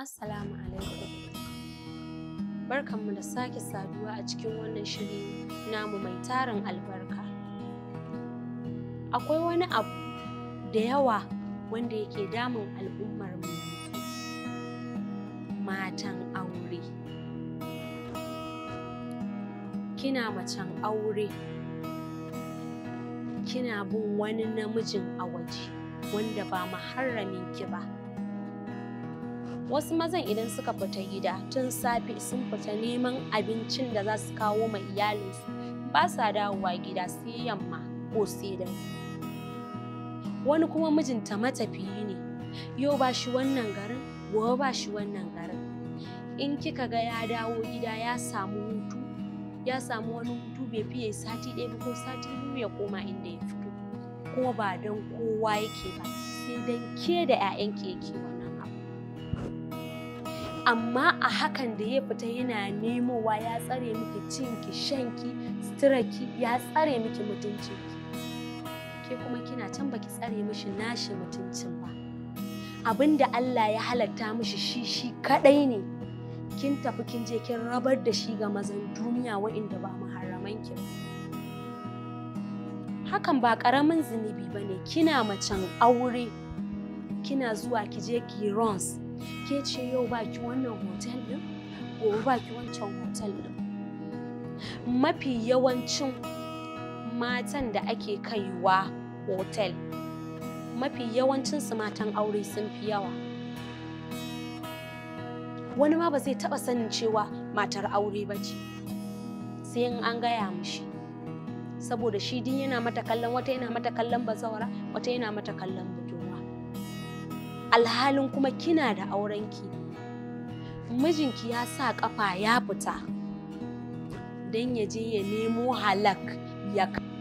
Assalamu alaikum. Barkanmu da sake saduwa a cikin wannan shiri namu mai tarin albarka. Akwai wani abu da yawa wanda yake damun al'ummar mu matan aure. Kina macen aure, kina bin wani namijin a waje wanda ba maharramin ki ba. wasu mazan idan suka fita gida tun safe sun fita neman abincin da za su kawo ma iyalinsu ba sa dawowa gida sai yamma ko sai wani kuma mijinta matafiyi ne yau ba shi wannan garin gobe ba shi wannan garin in kika ga ya dawo gida ya samu hutu ya samu wani hutu bai fiye sati ɗaya ba ko sati biyu ya koma inda ya fito kuma ba don kowa yake ba sai don ke da 'ya'yanki yake wannan amma a hakan da ya fita yana nemowa ya tsare miki cinki shanki suturarki ya tsare miki mutunci ke kuma kina can baki tsare mishi nashi mutuncin ba abinda Allah ya halatta mishi shi shi kadai ne kin tafi kin je kin rabar da shi ga mazan duniya waɗanda ba muharraman ki hakan ba karamin zunubi bane kina macen aure kina zuwa ki je ki rons ke ce yau baki wannan hotel din gobe baki wancan hotel din mafi yawancin matan da ake kaiwa hotel mafi yawancin su matan aure sun fi yawa wani ma ba zai taba sanin cewa matar aure ba sai in an gaya mishi saboda shi din yana mata kallon wata yana mata kallon bazawara wata yana mata kallon budurwa alhalin kuma kina da aurenki mijinki ya sa kafa ya fita don ya je ya nemo halak ya